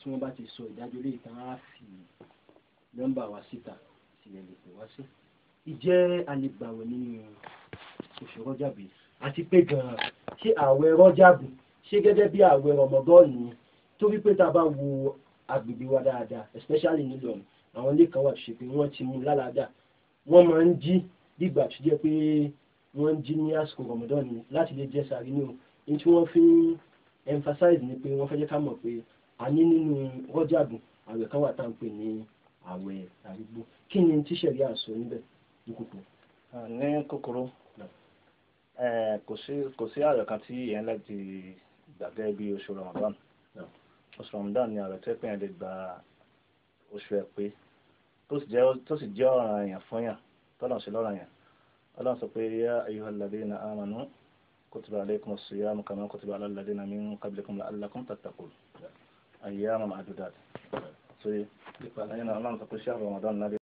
tí wọ́n bá ti sọ ìdájọ́ lè tán á fi nọ́mbà wa síta sílẹ̀ lè pè wá sí. ìjẹ́ alẹ́gbàwẹ̀ nínú oṣù rọ́jàbí àti pé gan-an ṣé ààwẹ̀ rọ́jàbí ṣé gẹ́gẹ́ bí ààwẹ̀ rọmọgọ́ọ̀nù torí pé tá a bá wo agbègbè wa dáadáa especially nílọrin àwọn ilé kan wà tó ṣe pé wọ́n ti mú lálàdà wọ́n máa ń jí dìgbà tó jẹ́ pé wọ́n jí ní àsìkò rọmọdọ́ọ̀nù láti lè jẹ́ sàrí ní tí wọ́n fi emphasize ni pé wọ́n fẹ́ jẹ́ ká mọ̀ pé a ní nínú rọ́jàbù àwẹ̀ kan wà tá à ń pè ní àwẹ̀ àrígbó kí ni tíṣẹ̀rí àṣọ níbẹ̀ ní kòkó. ní kòkòrò kò sí àwẹ̀ kan tí ìyẹn láti gbàgẹ́ bí oṣù Ramadan oṣù Ramadan ni àwẹ̀ tẹ́ yẹn lè gba oṣù ẹ̀ pé tó sì jẹ́ ọ̀ràn èèyàn fún yàn tọ́lọ̀ sí lọ́ràn yàn ọlọ́run sọ pé yá ayyuhal ladina amanu kutiba alaykumus siyam kama kutiba alal ladina min qablikum la'allakum tattaqun ayé àmàmà àdúdà so yìí nípa ẹ̀yìn náà ọlọ́run sọ pé